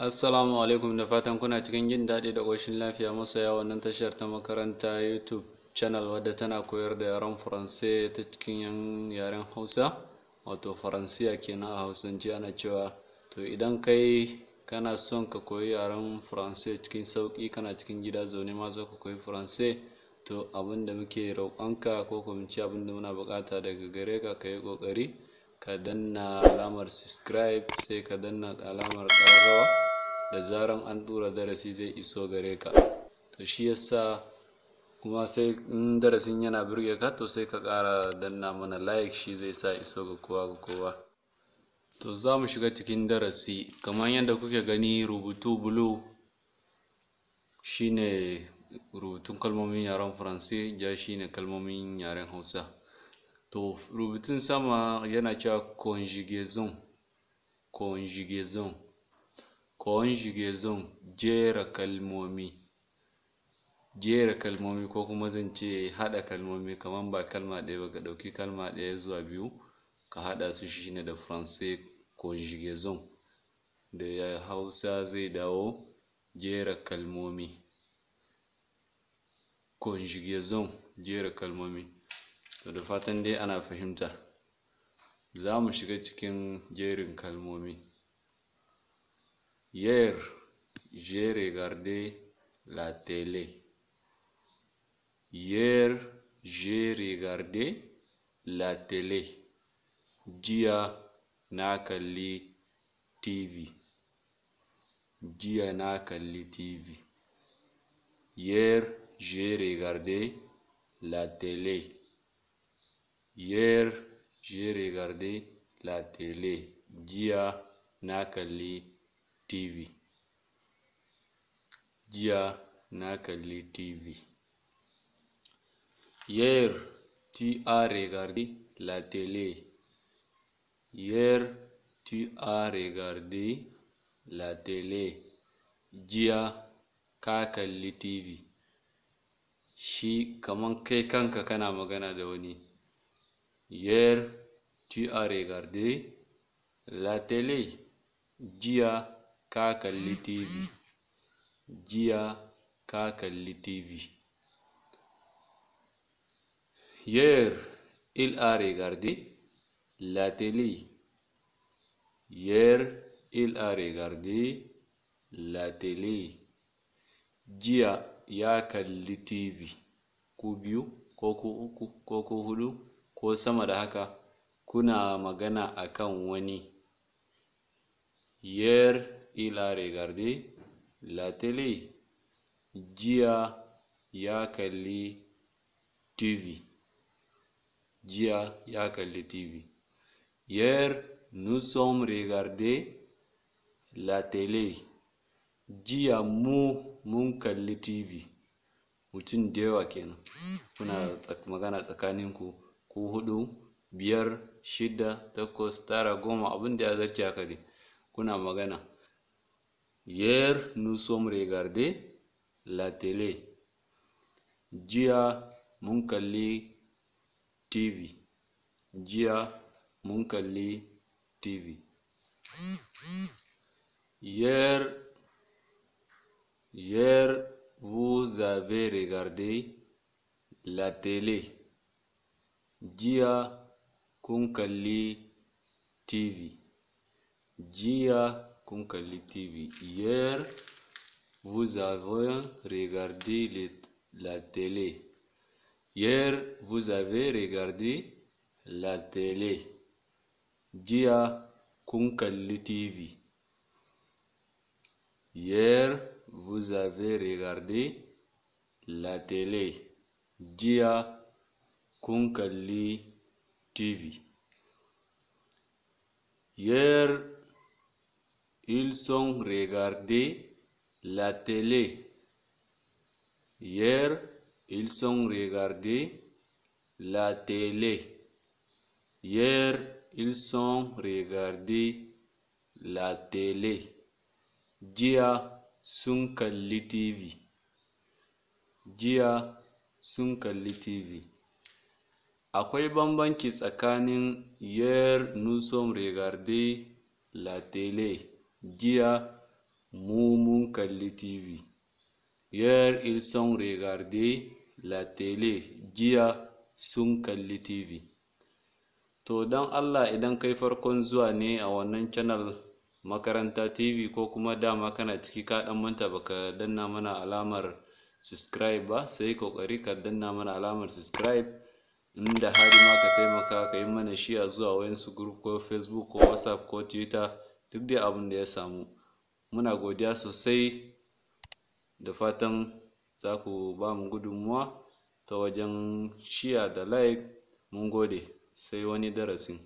Assalamu alaikum da fatan kuna cikin jin daɗi da ƙoshin lafiya masoya wannan tashar ta makaranta YouTube channel wadda tana koyar da yaren Faransai ta cikin yaren Hausa wato Faransiya kenan a Hausance ana cewa to idan kai kana son ka koyi yaren Faransai cikin sauƙi kana cikin gida zaune ma zo ka koyi Faransai to abin da muke roƙonka ko kuma ci abin da muna buƙata daga gare ka ka yi ƙoƙari ka danna alamar subscribe sai ka danna alamar ƙararrawa da zaran an dura darasi zai iso gare ka to shi yasa kuma sai in darasin yana birge ka to sai ka kara danna mana like shi zai sa iso ga kowa ga kowa to za mu shiga cikin darasi kamar yadda kuke gani rubutu bulu shine rubutun kalmomin yaren faransai ja shine kalmomin yaren hausa to rubutun sama yana cewa conjugaison conjugaison Conjugate zan jera kalmomi jera kalmomi ko kuma zan ce haɗa kalmomi kaman ba kalma ɗaya ba ka ɗauki kalma ɗaya zuwa biyu ka haɗa su shine da Faransai zan da Hausa zai dawo jera kalmomi zan jera kalmomi to da fatan dai ana fahimta za mu shiga cikin jerin kalmomi Hier, j'ai regardé la télé. Hier, j'ai regardé la télé. dia Nakali TV. dia Nakali TV. Hier, j'ai regardé la télé. Hier, j'ai regardé la télé. dia nakali TV. TV. Jiya na kalli TV. yayar tu a la tele, yayar tu a la tele, Jiya ka kalli TV. Shi kaman kai kanka kana magana da wani. yayar tu a la tele, Jiya. ka kalli TV, jiya ka kalli TV. Hier, il a regardé la télé. Hier, il a regardé la télé. Jiya ya kalli TV. Ku biyu, ko ku uku, ko ku ko sama da haka, kuna magana akan wani. Hier il a regardé la télé. Jiya ya kalli TV. Jiya ya kalli TV. Hier, nous sommes regardé la télé. Jiya mu mun kalli TV. Mutum da yawa kenan. Kuna magana tsakanin ku ku hudu biyar, shida, takwas, tara, goma abin ya zarce haka dai. Kuna magana. Hier, nous sommes regardé la télé. Jiya mun kalli TV. Jiya mun kalli TV. Hier, hier, vous avez regardé la télé. Jiya kun kalli TV. Jiya Hier, vous avez regardé la télé. Hier, vous avez regardé la télé. Dia kun TV. Hier, vous avez regardé la télé. Dia kun TV. Hier, Ils ont regardé la télé. Hier, ils ont regardé la télé. Hier, ils ont regardé la télé. Jiya sun kalli TV. Jiya sun kalli TV. Akwai bambanci tsakanin hier nous sommes la télé. Jiya mu kalli TV. yar ils ont regardé la télé. Jiya sun kalli TV. To don Allah idan kai farkon zuwa ne a wannan channel Makaranta TV ko kuma dama kana ciki ka dan manta baka danna mana alamar subscribe ba sai kokari ka danna mana alamar subscribe inda har ma ka taimaka ka yi mana shi a zuwa wayansu group ko Facebook ko WhatsApp ko Twitter duk dai abin da ya samu muna godiya sosai da fatan za ku ba mu gudunmuwa ta wajen shiya da like mun gode sai wani darasin